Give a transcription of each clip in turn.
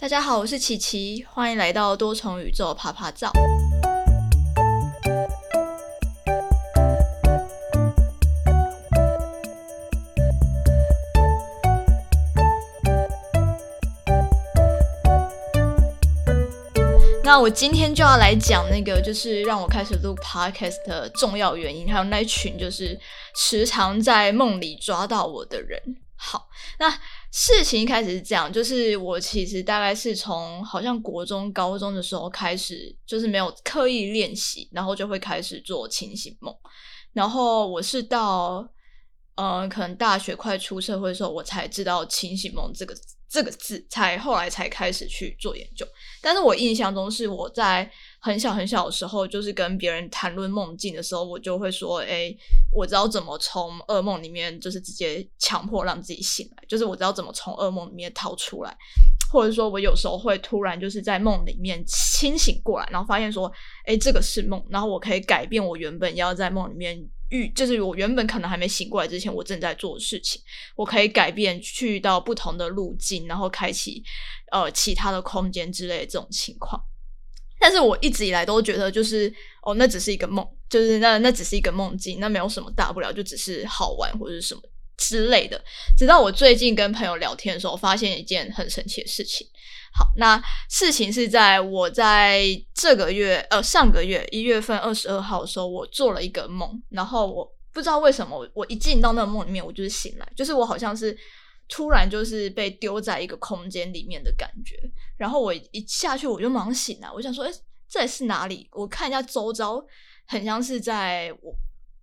大家好，我是琪琪，歡迎來到多重宇宙趴趴照。那我今天就要來講那個，就是讓我開始錄 Podcast 的重要原因，還有那群就是時常在夢裡抓到我的人。好，那。事情一開始是這樣，就是我其實大概是從好像國中、高中的時候開始，就是沒有刻意練習，然後就會開始做清醒夢。然後我是到，嗯、呃，可能大學快出社會的時候，我才知道清醒夢這個這個字，才後來才開始去做研究。但是我印象中是我在。很小很小的時候，就是跟別人談論夢境的時候，我就會說：“哎，我知道怎麼從噩夢裡面，就是直接強迫讓自己醒來，就是我知道怎麼從噩夢裡面逃出來。或者說我有時候會突然就是在夢裡面清醒過來，然後發現說：哎，這個是夢，然後我可以改變我原本要在夢裡面遇，就是我原本可能還沒醒過來之前，我正在做的事情，我可以改變去到不同的路徑，然後開啟呃其他的空間之類這種情況。”但是我一直以來都覺得，就是哦，那只是一個夢，就是那那只是一個夢境，那沒有什麼大不了，就只是好玩或者是什麼之類的。直到我最近跟朋友聊天的時候，發現一件很神奇的事情。好，那事情是在我在這個月，呃，上個月一月份二十二號的時候，我做了一個夢，然後我不知道為什麼，我一進到那個夢裡面，我就是醒來，就是我好像是。突然就是被丟在一個空間裡面的感覺，然後我一下去我就馬上醒了、啊，我想說，哎、欸，這是哪裡？我看一下周遭，很像是在我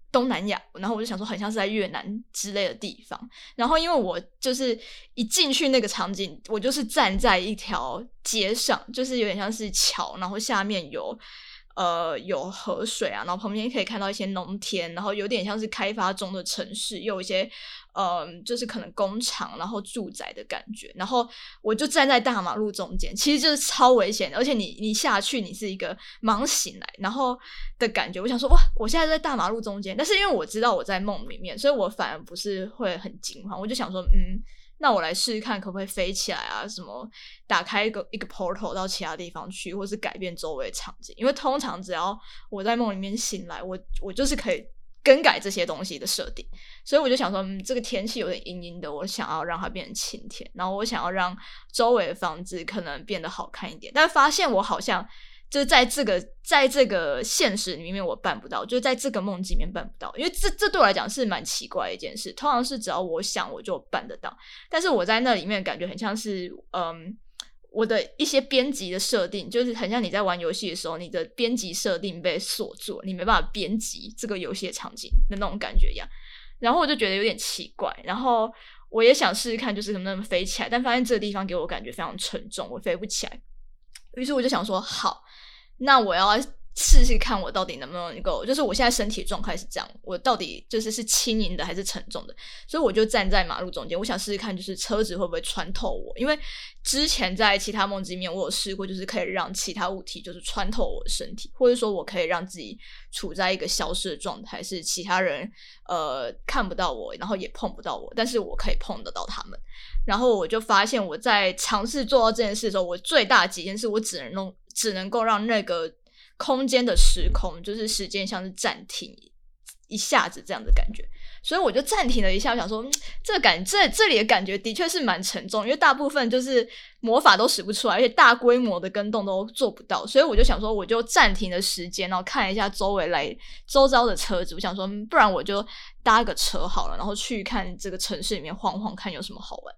東南亞，然後我就想說，很像是在越南之類的地方。然後因為我就是一進去那個場景，我就是站在一條街上，就是有點像是橋，然後下面有呃有河水啊，然後旁邊可以看到一些農田，然後有點像是開發中的城市，有一些。嗯，就是可能工廠，然後住宅的感覺，然後我就站在大馬路中間，其實就是超危險的，而且你你下去，你是一個忙醒來，然後的感覺。我想說，哇，我現在在大馬路中間，但是因為我知道我在夢裡面，所以我反而不是會很驚慌。我就想說，嗯，那我來試試看，可不可以飛起來啊？什麼打開一個一個 portal 到其他地方去，或是改變周圍場景？因為通常只要我在夢裡面醒來，我我就是可以。更改這些東西的設定，所以我就想說，嗯，這個天氣有點陰陰的，我想要讓它變成晴天，然後我想要讓周圍的房子可能變得好看一點，但發現我好像就是在這個在這個現實裡面我辦不到，就是在這個夢境裡面辦不到，因為這這對我來講是蠻奇怪的一件事，通常是只要我想我就辦得到，但是我在那裡面感覺很像是嗯，我的一些編輯的設定，就是很像你在玩遊戲的時候，你的編輯設定被鎖住，你沒辦法編輯這個遊戲的場景的那種感覺一樣。然後我就覺得有點奇怪，然後我也想試試看，就是能不能飛起來，但發現這個地方給我感覺非常沉重，我飛不起來。於是我就想說，好，那我要。試試看，我到底能不能夠？就是我現在身體狀態是這樣，我到底就是是輕盈的還是沉重的？所以我就站在馬路中間，我想試試看，就是車子會不會穿透我？因為之前在其他夢境裡面，我有試過，就是可以讓其他物體就是穿透我的身體，或者說我可以讓自己處在一個消失的狀態，是其他人呃看不到我，然後也碰不到我，但是我可以碰得到他們。然後我就發現，我在嘗試做到這件事的時候，我最大極限是我只能弄，只能夠讓那個，空間的時空就是時間像是暫停一下子這樣的感覺，所以我就暫停了一下，我想說這個感這這裡的感覺的確是蠻沉重，因為大部分就是魔法都使不出來，而且大規模的更動都做不到，所以我就想說我就暫停了時間，然後看一下周圍來周遭的車子，我想說不然我就搭個車好了，然後去看這個城市裡面晃晃看有什麼好玩。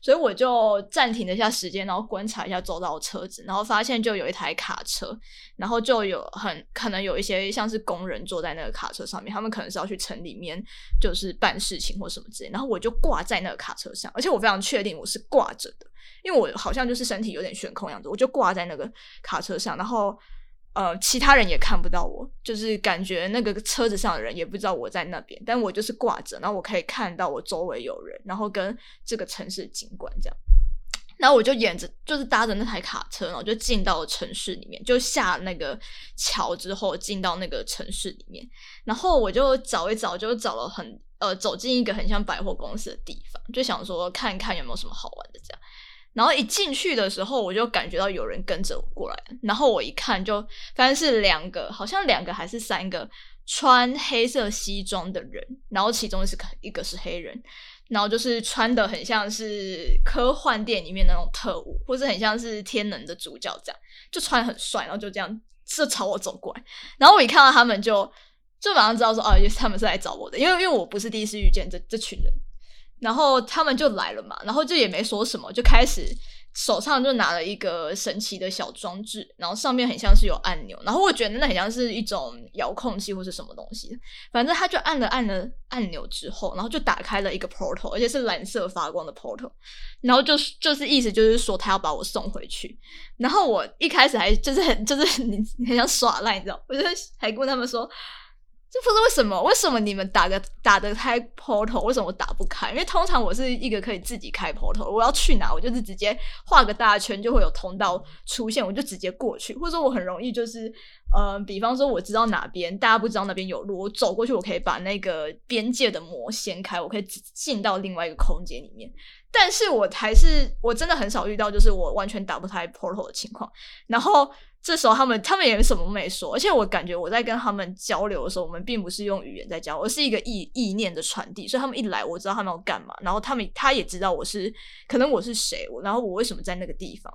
所以我就暫停了一下時間，然後觀察一下周遭車子，然後發現就有一台卡車，然後就有很可能有一些像是工人坐在那個卡車上面，他們可能是要去城裡面就是辦事情或什麼之類。然後我就掛在那個卡車上，而且我非常確定我是掛着的，因為我好像就是身體有點懸空樣子，我就掛在那個卡車上，然後。呃，其他人也看不到我，就是感覺那個車子上的人也不知道我在那邊，但我就是掛着，然後我可以看到我周圍有人，然後跟這個城市景觀這樣。然後我就沿着，就是搭着那台卡車，然後我就進到了城市裡面，就下那個橋之後進到那個城市裡面。然後我就找一找，就找了很，呃，走進一個很像百貨公司的地方，就想說看一看有沒有什麼好玩的這樣。然後一進去的時候，我就感覺到有人跟着我過來。然後我一看就，就反正是兩個，好像兩個還是三個穿黑色西裝的人。然後其中是一個是黑人，然後就是穿的很像是科幻電影裡面那種特務，或者很像是天能的主角這樣，就穿很帥，然後就這樣就朝我走過來。然後我一看到他們就，就就馬上知道說，哦，他們是來找我的，因為因為我不是第一次遇見這這群人。然後他們就來了嘛，然後就也沒說什麼，就開始手上就拿了一個神奇的小裝置，然後上面很像是有按鈕，然後我覺得那很像是一種遙控器或是什麼東西，反正他就按了按了按鈕之後，然後就打開了一個 portal，而且是藍色發光的 portal，然後就就是意思就是說他要把我送回去，然後我一開始還就是很就是很很想耍賴，你知道，我就還跟他們說。這不是為什麼？為什麼你們打個打得開 portal？為什麼我打不開？因為通常我是一個可以自己開 portal。我要去哪，我就是直接畫個大圈，就會有通道出現，我就直接過去。或者說我很容易，就是嗯、呃，比方說我知道哪邊，大家不知道那邊有路，我走過去，我可以把那個邊界的膜掀開，我可以進到另外一個空間裡面。但是我還是我真的很少遇到，就是我完全打不開 portal 的情況。然後這時候他們他們也什麼沒說，而且我感覺我在跟他們交流的時候，我們並不是用語言在交流，而是一個意意念的傳遞。所以他們一來，我知道他們要幹嘛，然後他們他也知道我是可能我是誰，我然後我為什麼在那個地方。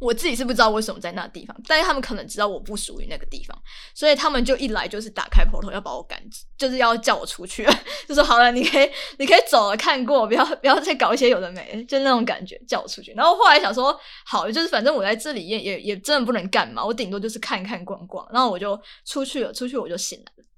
我自己是不知道為什麼在那地方，但是他們可能知道我不屬於那個地方，所以他們就一來就是打開 Portal 要把我趕，就是要叫我出去了，就說好了，你可以你可以走了，看過，不要不要再搞一些有的沒，就那種感覺叫我出去。然後後來想說，好，就是反正我在這裡也也也真的不能幹嘛，我頂多就是看看逛逛，然後我就出去了，出去我就醒來了。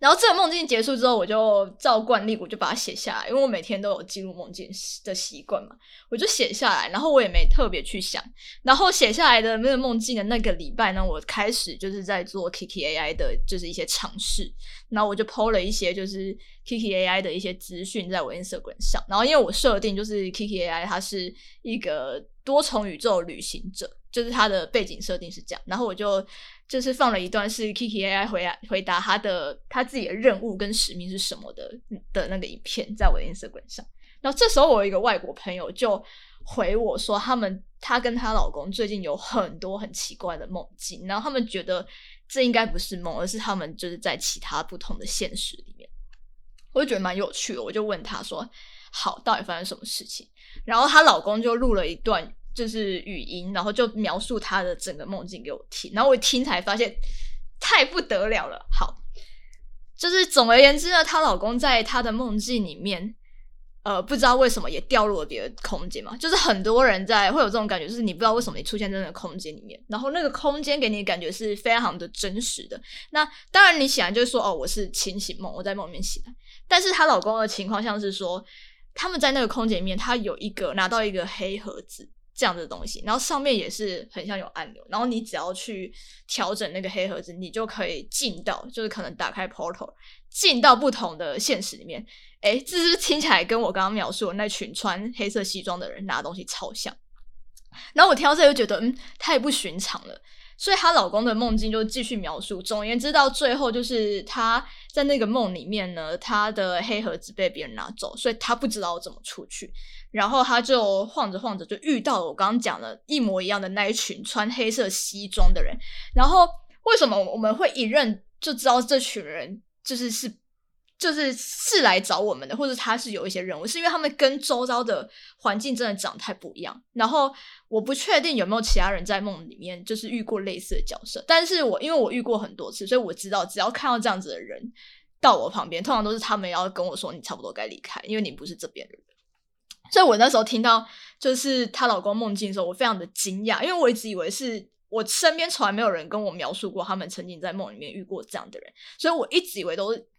然後這個夢境結束之後，我就照慣例，我就把它寫下來，因為我每天都有記錄夢境的習慣嘛，我就寫下來。然後我也沒特別去想。然後寫下來的那個夢境的那個禮拜呢，我開始就是在做 Kiki AI 的，就是一些嘗試。然後我就 po 了一些，就是 Kiki AI 的一些資訊在我 Instagram 上。然後因為我設定就是 Kiki AI，它是一個多重宇宙旅行者。就是他的背景設定是這樣，然後我就就是放了一段是 Kiki AI 回回答他的他自己的任務跟使命是什麼的的那個影片在我的 Instagram 上。然後這時候我有一個外國朋友就回我說他們，他們她跟她老公最近有很多很奇怪的夢境，然後他們覺得這應該不是夢，而是他們就是在其他不同的現實裡面。我就覺得蠻有趣的，我就問他說，好，到底發生什麼事情？然後她老公就錄了一段。就是語音，然後就描述他的整個夢境給我聽，然後我一聽才發現太不得了了。好，就是總而言之呢，她老公在她的夢境裡面，呃，不知道為什麼也掉入了別的空間嘛。就是很多人在會有這種感覺，就是你不知道為什麼你出現在那個空間裡面，然後那個空間給你的感覺是非常的真實的。那當然你醒來就是說哦，我是清醒夢，我在夢裡面醒來。但是她老公的情況像是說，他們在那個空間裡面，他有一個拿到一個黑盒子。這樣子的東西，然後上面也是很像有按鈕，然後你只要去調整那個黑盒子，你就可以進到，就是可能打開 portal，進到不同的現實裡面。誒，這是不是聽起來跟我剛剛描述那群穿黑色西裝的人拿的東西超像？然後我聽到這又覺得，嗯，太不尋常了。所以她老公的夢境就繼續描述，總而言之到最後就是她在那個夢裡面呢，她的黑盒子被別人拿走，所以她不知道怎麼出去。然後她就晃着晃着就遇到了我剛剛講的一模一樣的那一群穿黑色西裝的人。然後為什麼我們會一認就知道這群人就是是？就是是來找我們的，或者他是有一些任務，是因為他們跟周遭的環境真的長得太不一樣。然後我不確定有沒有其他人在夢裡面就是遇過類似的角色，但是我因為我遇過很多次，所以我知道只要看到這樣子的人到我旁邊，通常都是他們要跟我說，你差不多該離開，因為你不是這邊的人。所以我那時候聽到就是她老公夢境的時候，我非常的驚訝，因為我一直以為是我身邊從來沒有人跟我描述過他們曾經在夢裡面遇過這樣的人，所以我一直以為都是。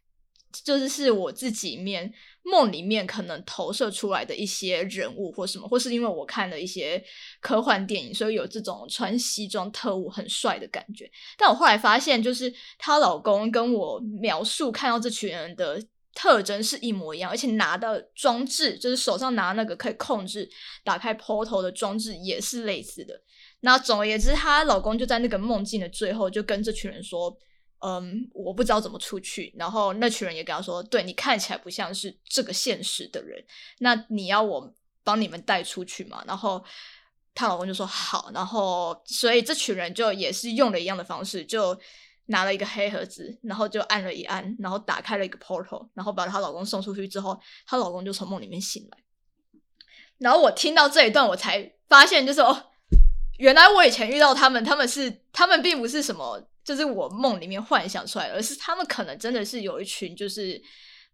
就是是我自己面夢裡面可能投射出來的一些人物或什麼，或是因為我看了一些科幻電影，所以有這種穿西裝特務很帥的感覺。但我後來發現，就是她老公跟我描述看到這群人的特徵是一模一樣，而且拿的裝置，就是手上拿那個可以控制打開 portal 的裝置也是類似的。那總而言之，她老公就在那個夢境的最後就跟這群人說。嗯，我不知道怎麼出去。然後那群人也跟他說：“對你看起來不像是這個現實的人，那你要我幫你們帶出去嘛？”然後她老公就說：“好。”然後所以這群人就也是用了一樣的方式，就拿了一個黑盒子，然後就按了一按，然後打開了一個 portal，然後把她老公送出去之後，她老公就從夢裡面醒來。然後我聽到這一段，我才發現，就是哦，原來我以前遇到他們，他們是他們並不是什麼。就是我夢裡面幻想出來的，而是他們可能真的是有一群，就是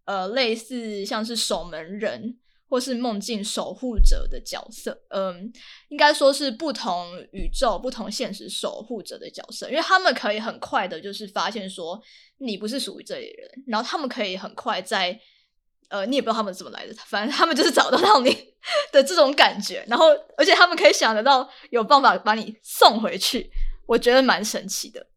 呃，類似像是守門人或是夢境守護者的角色。嗯、呃，應該說是不同宇宙、不同現實守護者的角色，因為他們可以很快的，就是發現說你不是屬於這裡的人，然後他們可以很快在呃，你也不知道他們怎麼來的，反正他們就是找得到你的這種感覺，然後而且他們可以想得到有辦法把你送回去，我覺得蠻神奇的。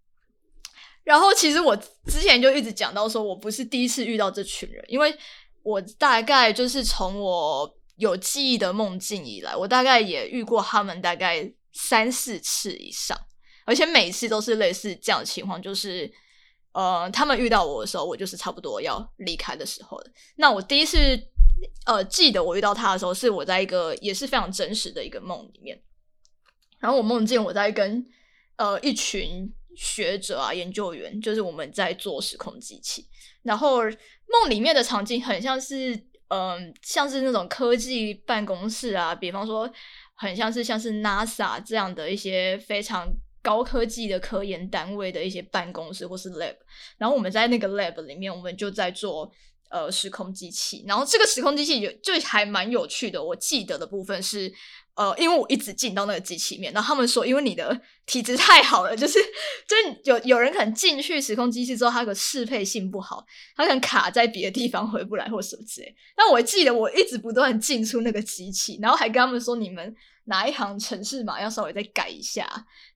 然後，其實我之前就一直講到，說我不是第一次遇到這群人，因為我大概就是從我有記憶的夢境以來，我大概也遇過他們大概三四次以上，而且每次都是類似這樣的情況，就是呃，他們遇到我的時候，我就是差不多要離開的時候。那我第一次呃記得我遇到他的時候，是我在一個也是非常真實的一個夢裡面，然後我夢見我在跟呃一群。學者啊，研究員，就是我們在做時空機器。然後夢裡面的場景很像是，嗯、呃，像是那種科技辦公室啊，比方說，很像是像是 NASA 這樣的一些非常高科技的科研單位的一些辦公室或是 lab。然後我們在那個 lab 裡面，我們就在做呃時空機器。然後這個時空機器就，就還蠻有趣的。我記得的部分是。呃，因為我一直進到那個機器面，然後他們說，因為你的體質太好了，就是，就是有有人可能進去時空機器之後，它個適配性不好，它可能卡在別的地方回不來或者什麼之類。但我記得我一直不斷進出那個機器，然後還跟他們說，你們哪一行程式嘛，要稍微再改一下，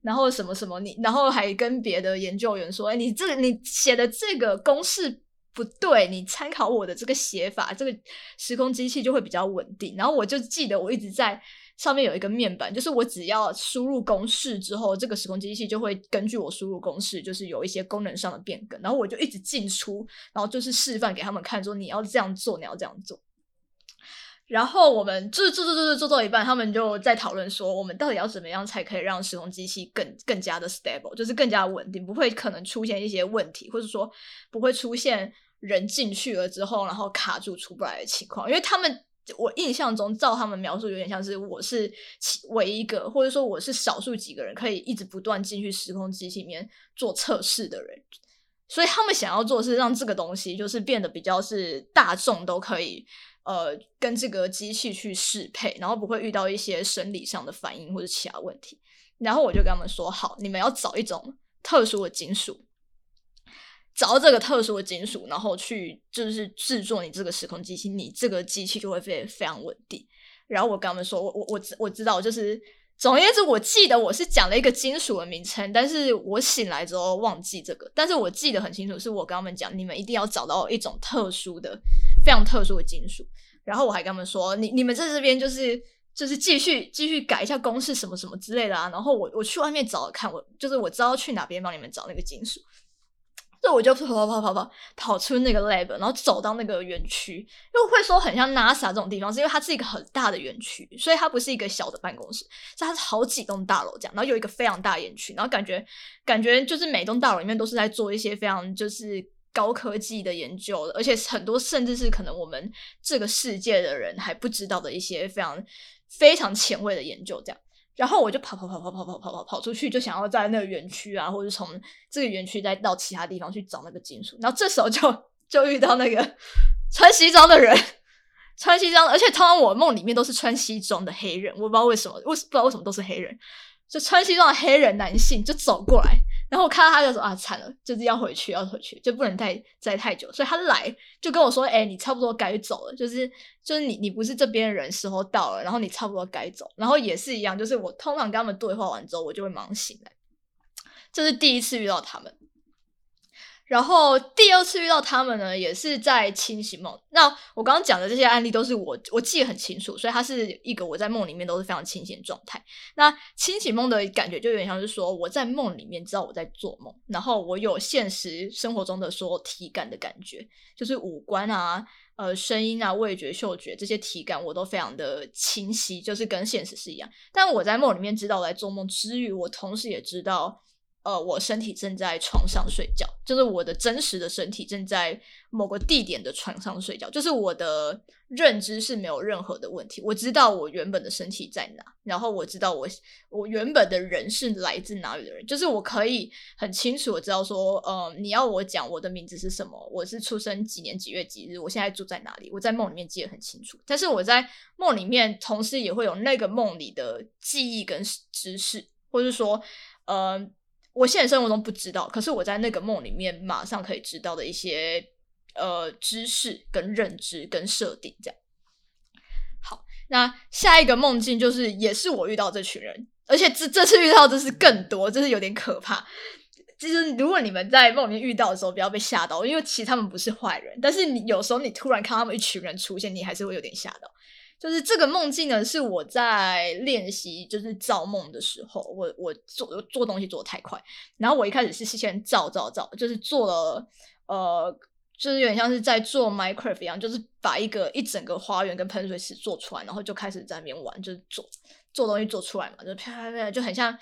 然後什麼什麼你，然後還跟別的研究員說，哎、欸，你這你寫的這個公式不對，你參考我的這個寫法，這個時空機器就會比較穩定。然後我就記得我一直在。上面有一個面板，就是我只要輸入公式之後，這個時空機器就會根據我輸入公式，就是有一些功能上的變更。然後我就一直進出，然後就是示範給他們看說，說你要這樣做，你要這樣做。然後我們做做做做做到一半，他們就在討論說，我們到底要怎麼樣才可以讓時空機器更更加的 stable，就是更加穩定，不會可能出現一些問題，或者說不會出現人進去了之後，然後卡住出不來的情況，因為他們。我印象中，照他們描述，有點像是我是唯一一個，或者說我是少數幾個人可以一直不斷進去時空機器裡面做測試的人。所以他們想要做是讓這個東西就是變得比較是大眾都可以，呃，跟這個機器去適配，然後不會遇到一些生理上的反應或者其他問題。然後我就跟他們說：“好，你們要找一種特殊的金屬。”找到這個特殊的金屬，然後去就是製作你這個時空機器，你這個機器就會非非常穩定。然後我跟他們說，我我我我知道，就是總而言之，我記得我是講了一個金屬的名稱，但是我醒來之後忘記這個，但是我記得很清楚，是我跟他們講，你們一定要找到一種特殊的、非常特殊的金屬。然後我還跟他們說，你你們在這邊就是就是繼續繼續改一下公式，什麼什麼之類的啊。然後我我去外面找看我，我就是我知道去哪邊幫你們找那個金屬。那我就跑跑跑跑跑跑，跑出那個 lab，然後走到那個園區，因為我會說很像 NASA 這種地方，是因為它是一個很大的園區，所以它不是一個小的辦公室，是它是好幾棟大樓這樣，然後有一個非常大園區，然後感覺感覺就是每棟大樓裡面都是在做一些非常就是高科技的研究，而且很多甚至是可能我們這個世界的人還不知道的一些非常非常前衛的研究這樣。然後我就跑跑跑跑跑跑跑跑跑出去，就想要在那個園區啊，或者從這個園區再到其他地方去找那個金屬。然後這時候就就遇到那個穿西裝的人，穿西裝的，而且通常我夢裡面都是穿西裝的黑人，我不知道為什麼，為不知道為什麼都是黑人，就穿西裝的黑人男性就走過來。然後我看到他就說啊，慘了，就是要回去，要回去，就不能待待太久。所以他來就跟我說，哎、欸，你差不多該走了，就是就是你你不是這邊的人，時候到了，然後你差不多該走。然後也是一樣，就是我通常跟他們對話完之後，我就會忙醒來。這是第一次遇到他們。然後第二次遇到他們呢，也是在清醒夢。那我剛剛講的這些案例都是我我記得很清楚，所以它是一個我在夢裡面都是非常清醒的狀態。那清醒夢的感覺就有點像是說，我在夢裡面知道我在做夢，然後我有現實生活中的所有體感的感覺，就是五官啊、呃、聲音啊、味覺、嗅覺、嗅覺這些體感我都非常的清晰，就是跟現實是一樣。但我在夢裡面知道我在做夢之餘，我同時也知道。呃，我身體正在床上睡覺，就是我的真實的身體正在某個地點的床上睡覺，就是我的認知是沒有任何的問題。我知道我原本的身體在哪，然後我知道我我原本的人是來自哪裡的人，就是我可以很清楚我知道說，呃，你要我講我的名字是什麼，我是出生幾年幾月幾日，我現在住在哪裡，我在夢裡面記得很清楚。但是我在夢裡面同時也會有那個夢裡的記憶跟知識，或是說，呃。我現實生活中不知道，可是我在那個夢裡面馬上可以知道的一些呃知識跟認知跟設定這樣。好，那下一個夢境就是也是我遇到這群人，而且這這次遇到的是更多，嗯、這是有點可怕。就是如果你們在夢裡面遇到的時候，不要被嚇到，因為其實他們不是壞人。但是你有時候你突然看到他們一群人出現，你還是會有點嚇到。就是這個夢境呢，是我在練習，就是造夢的時候，我我做我做東西做的太快，然後我一開始是先造造造，就是做了，呃，就是有點像是在做 Minecraft 一樣，就是把一個一整個花園跟噴水池做出來，然後就開始在那邊玩，就是做做東西做出來嘛，就啪啪啪，就很像，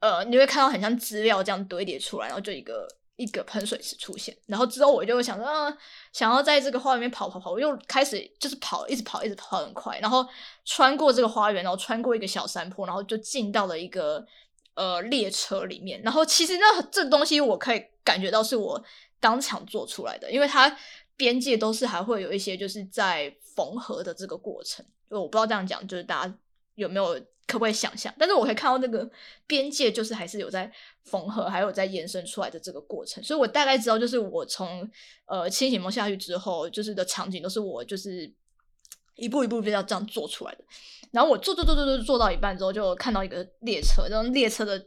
呃，你會看到很像資料這樣堆疊出來，然後就一個。一個噴水池出現，然後之後我就想說、啊，想要在這個花園裡面跑跑跑，我又開始就是跑，一直跑，一直跑很快，然後穿過這個花園，然後穿過一個小山坡，然後就進到了一個呃列車裡面。然後其實那這個東西我可以感覺到是我當場做出來的，因為它邊界都是還會有一些就是在縫合的這個過程。我不知道這樣講，就是大家有沒有？可不可以想象？但是我可以看到那個邊界，就是還是有在縫合，還有在延伸出來的這個過程。所以我大概知道，就是我從呃清醒夢下去之後，就是的場景都是我就是一步一步就要這樣做出來的。然後我做做做做做做到一半之後，就看到一個列車，然後列車的。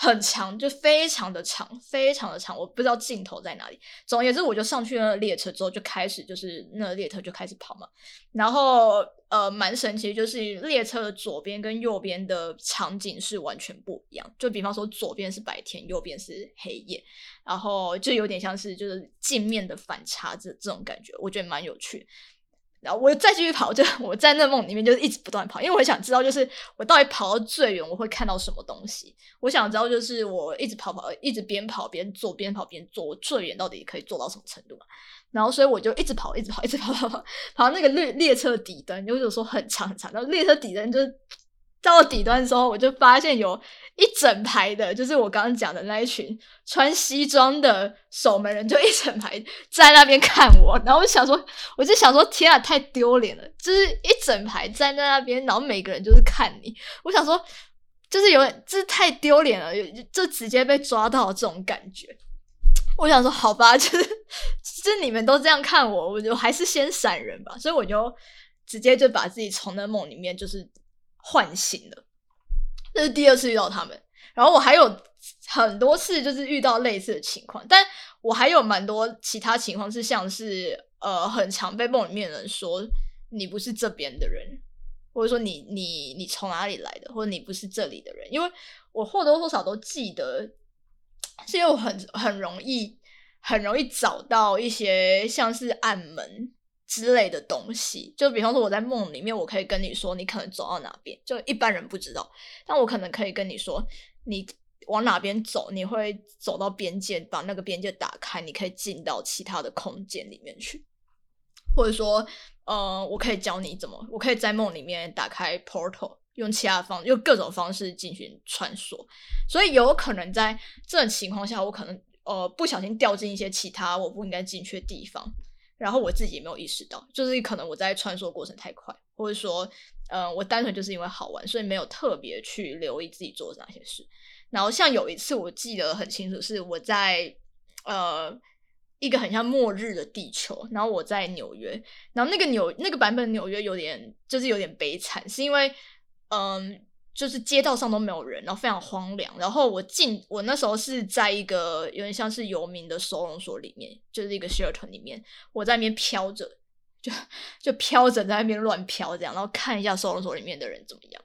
很長，就非常的長，非常的長，我不知道盡頭在哪裡。總而言之，我就上去那個列車之後，就開始就是那個列車就開始跑嘛。然後呃，蠻神奇，就是列車的左邊跟右邊的場景是完全不一樣。就比方說左邊是白天，右邊是黑夜，然後就有點像是就是鏡面的反差這這種感覺，我覺得蠻有趣。然後我再繼續跑，就我在那夢裡面就一直不斷跑，因為我想知道，就是我到底跑到最遠我會看到什麼東西。我想知道，就是我一直跑跑，一直邊跑邊做，邊跑邊做，我最遠到底可以做到什麼程度嘛啊？然後所以我就一直跑，一直跑，一直跑，跑跑跑，跑到那個列列車底端，就是說很長很長。然後列車底端就是。到底端的時候，我就發現有一整排的，就是我剛剛講的那一群穿西裝的守門人，就一整排在那邊看我。然後我想說，我就想說，天啊，太丟臉了！就是一整排站在那邊，然後每個人就是看你。我想說，就是有點，就是太丟臉了，就直接被抓到這種感覺。我想說，好吧，就是、就是你們都這樣看我，我就還是先閃人吧。所以我就直接就把自己從那夢裡面就是。喚醒了，這是第二次遇到他們，然後我還有很多次，就是遇到類似的情況。但我還有蠻多其他情況，是像是呃，很常被夢裡面的人說，你不是這邊的人，或者說你你你從哪裡來的，或者你不是這裡的人。因為我或多或少都記得，是因為我很很容易很容易找到一些像是暗門之類的東西，就比方說我在夢裡面，我可以跟你說，你可能走到哪邊，就一般人不知道，但我可能可以跟你說，你往哪邊走，你會走到邊界，把那個邊界打開，你可以進到其他的空間裡面去，或者說，呃，我可以教你怎麼，我可以在夢裡面打開 portal，用其他方，用各種方式進行穿梭，所以有可能在這種情況下，我可能呃不小心掉進一些其他我不應該進去的地方。然後我自己也沒有意識到，就是可能我在穿梭過程太快，或者說，嗯、呃，我單純就是因為好玩，所以沒有特別去留意自己做哪些事。然後像有一次我記得很清楚，是我在呃一個很像末日的地球，然後我在紐約，然後那個紐那個版本紐約有點就是有點悲慘，是因為嗯。就是街道上都沒有人，然後非常荒涼。然後我進，我那時候是在一個有點像是游民的收容所裡面，就是一個 shelter 裡面，我在那邊飄着，就就飄着在那邊亂飄這樣，然後看一下收容所裡面的人怎麼樣。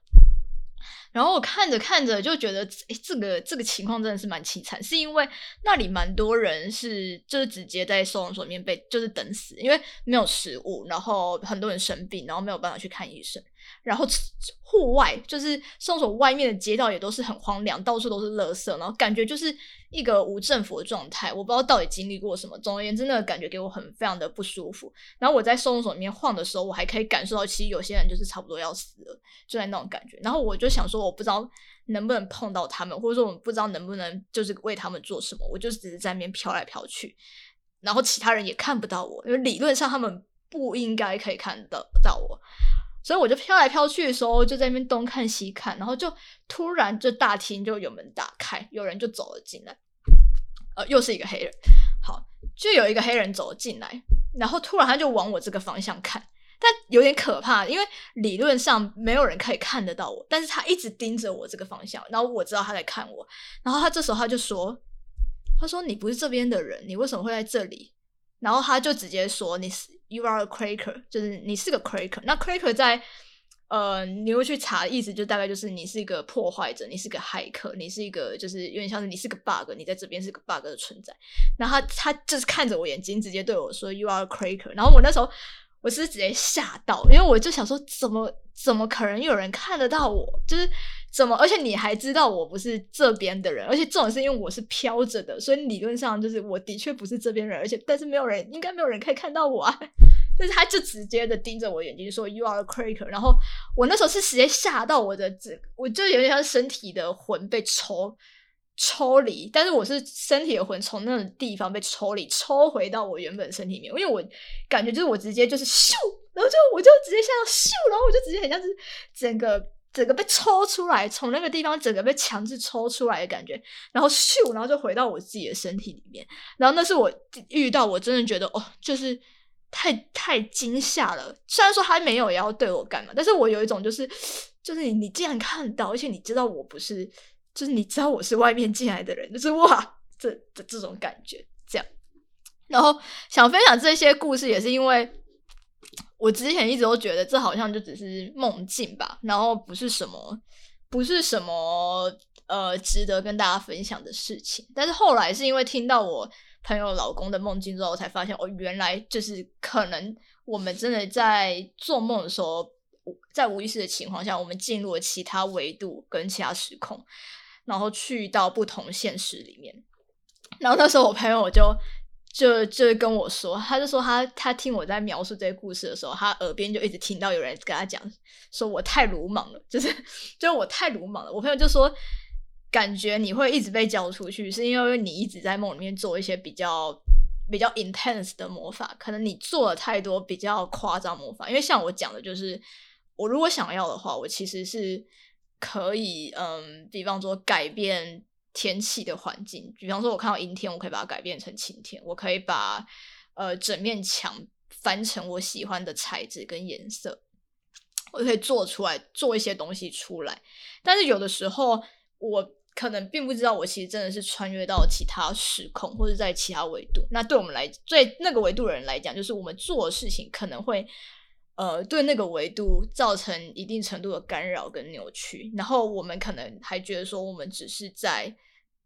然後我看着看着就覺得，誒，這個這個情況真的是蠻淒慘，是因為那裡蠻多人是就是直接在收容所裡面被就是等死，因為沒有食物，然後很多人生病，然後沒有辦法去看醫生。然後戶外就是收容所外面的街道也都是很荒涼，到處都是垃圾，然後感覺就是一個無政府的狀態。我不知道到底經歷過什麼，總而言之，那個感覺給我很非常的不舒服。然後我在收容所裡面晃的時候，我還可以感受到，其實有些人就是差不多要死了，就在那種感覺。然後我就想說，我不知道能不能碰到他們，或者說我不知道能不能就是為他們做什麼。我就只是在那邊飄來飄去，然後其他人也看不到我，因為理論上他們不應該可以看得到我。所以我就飄來飄去的時候，就在那邊東看西看，然後就突然這大廳就有門打開，有人就走了進來，呃，又是一個黑人。好，就有一個黑人走了進來，然後突然他就往我這個方向看，但有點可怕，因為理論上沒有人可以看得到我，但是他一直盯着我這個方向，然後我知道他在看我，然後他這時候他就說：“他說你不是這邊的人，你為什麼會在這裡？”然後他就直接說：“你是，you are a cracker 就是你是個 cracker 那 cracker 在，呃，你會去查的意思就大概就是你是一個破壞者，你是個駭客，你是一個就是有點像是你是個 bug，你在這邊是個 bug 的存在。然後他，他就是看着我眼睛，直接對我說：you are a cracker 然後我那時候我是直接嚇到，因為我就想說，怎麼怎麼可能有人看得到我？就是。”怎麼？而且你還知道我不是這邊的人，而且這種是因為我是飄着的，所以理論上就是我的確不是這邊人，而且但是沒有人應該沒有人可以看到我啊，但是他就直接的盯著我眼睛說 “You are a cracker.” 然後我那時候是直接嚇到我的整，這我就有點像身體的魂被抽抽離，但是我是身體的魂從那個地方被抽離，抽回到我原本身體裡面，因為我感覺就是我直接就是咻，然後就我就直接嚇到咻，然後我就直接很像是整個。整個被抽出來，從那個地方整個被強制抽出來的感覺，然後咻，然後就回到我自己的身體裡面。然後那是我遇到，我真的覺得哦，就是太太驚嚇了。雖然說他沒有要對我幹嘛，但是我有一種就是就是你你既然看到，而且你知道我不是，就是你知道我是外面進來的人，就是哇這的這，這種感覺。這樣，然後想分享這些故事，也是因為。我之前一直都覺得這好像就只是夢境吧，然後不是什麼，不是什麼，呃，值得跟大家分享的事情。但是後來是因為聽到我朋友老公的夢境之後，我才發現哦，原來就是可能我們真的在做夢的時候，在無意識的情況下，我們進入了其他維度跟其他時空，然後去到不同現實裡面。然後那時候我朋友就。就就跟我說，他就說他他聽我在描述這個故事的時候，他耳邊就一直聽到有人跟他講，說我太魯莽了，就是就是我太魯莽了。我朋友就說，感覺你會一直被交出去，是因為你一直在夢裡面做一些比較比較 intense 的魔法，可能你做了太多比較誇張魔法。因為像我講的，就是我如果想要的話，我其實是可以，嗯，比方說改變。天氣的環境，比方說，我看到陰天，我可以把它改變成晴天，我可以把呃整面牆翻成我喜歡的材質跟顏色，我可以做出來做一些東西出來。但是有的時候，我可能並不知道，我其實真的是穿越到其他時空，或者在其他維度。那對我們來，對那個維度的人來講，就是我們做事情可能會。呃，對那個維度造成一定程度的干擾跟扭曲，然後我們可能還覺得說，我們只是在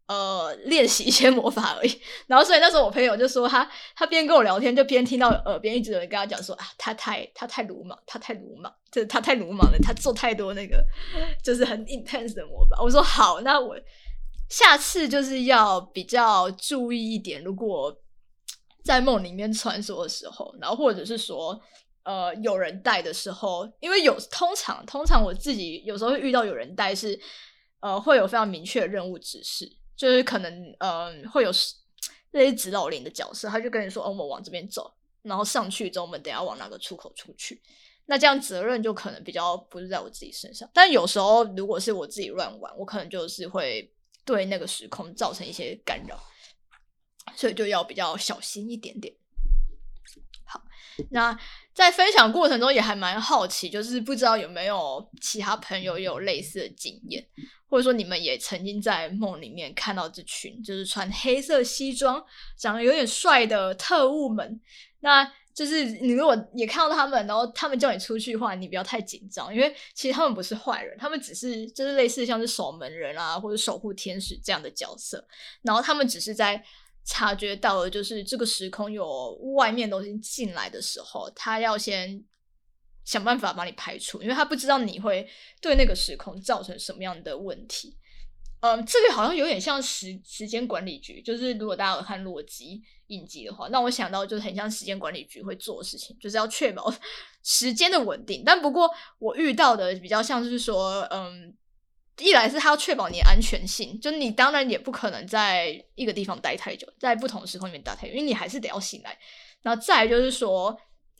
呃練習一些魔法而已。然後，所以那時候我朋友就說，他他邊跟我聊天，就邊聽到耳邊一直有人跟他講說啊，他太他太魯莽，他太魯莽，就是他太魯莽了，他做太多那個就是很 intense 的魔法。我說好，那我下次就是要比較注意一點，如果在夢裡面穿梭的時候，然後或者是說。呃，有人帶的時候，因為有通常通常我自己有時候會遇到有人帶是，呃，會有非常明確的任務指示，就是可能嗯、呃、會有那些指導靈的角色，他就跟你說，哦，我往這邊走，然後上去之後，我們等下往那個出口出去，那這樣責任就可能比較不是在我自己身上。但有時候如果是我自己亂玩，我可能就是會對那個時空造成一些干擾，所以就要比較小心一點點。好，那在分享過程中也還蠻好奇，就是不知道有沒有其他朋友有類似的經驗，或者說你們也曾經在夢裡面看到這群就是穿黑色西裝、長得有點帥的特務們。那就是你如果也看到他們，然後他們叫你出去的話，你不要太緊張，因為其實他們不是壞人，他們只是就是類似像是守門人啊或者守護天使這樣的角色，然後他們只是在。察覺到了，就是這個時空有外面東西進來的時候，他要先想辦法把你排除，因為他不知道你會對那個時空造成什麼樣的問題。嗯，這個好像有點像時時間管理局，就是如果大家有看洛基影集的話，那我想到就是很像時間管理局會做的事情，就是要確保時間的穩定。但不過我遇到的比較像是說，嗯。一來是他要確保你的安全性，就你當然也不可能在一個地方待太久，在不同時空裡面待太久，因為你還是得要醒來。然後再來就是說，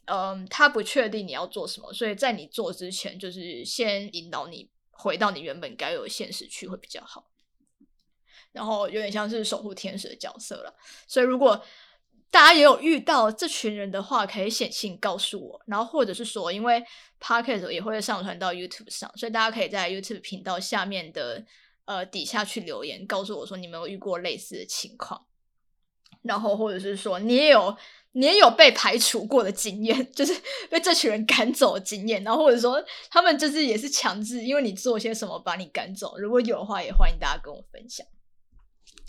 嗯，他不確定你要做什麼，所以在你做之前，就是先引導你回到你原本該有的現實去會比較好。然後有點像是守護天使的角色了，所以如果。大家也有遇到這群人的話，可以寫信告訴我，然後或者是說，因為 podcast 也會上傳到 YouTube 上，所以大家可以在 YouTube 頻道下面的呃底下去留言，告訴我說你沒有遇過類似的情況，然後或者是說你也有你也有被排除過的經驗，就是被這群人趕走的經驗，然後或者說他們就是也是強制因為你做些什麼把你趕走，如果有的話，也歡迎大家跟我分享。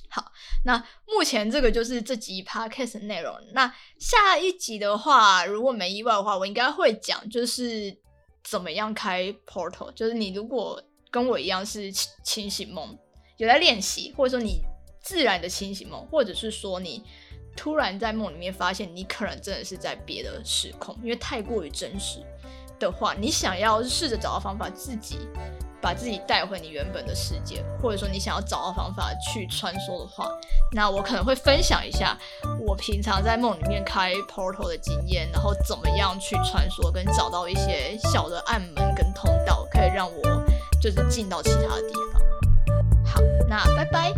好，那目前這個就是這集 podcast 的內容。那下一集的話，如果沒意外的話，我應該會講就是怎麼樣開 portal。就是你如果跟我一樣是清醒夢，有在練習，或者說你自然的清醒夢，或者是說你突然在夢裡面發現你可能真的是在別的時空，因為太過於真實的話，你想要試着找到方法自己。把自己帶回你原本的世界，或者說你想要找到方法去穿梭的話，那我可能會分享一下我平常在夢裡面開 portal 的經驗，然後怎麼樣去穿梭跟找到一些小的暗門跟通道，可以讓我就是進到其他的地方。好，那拜拜。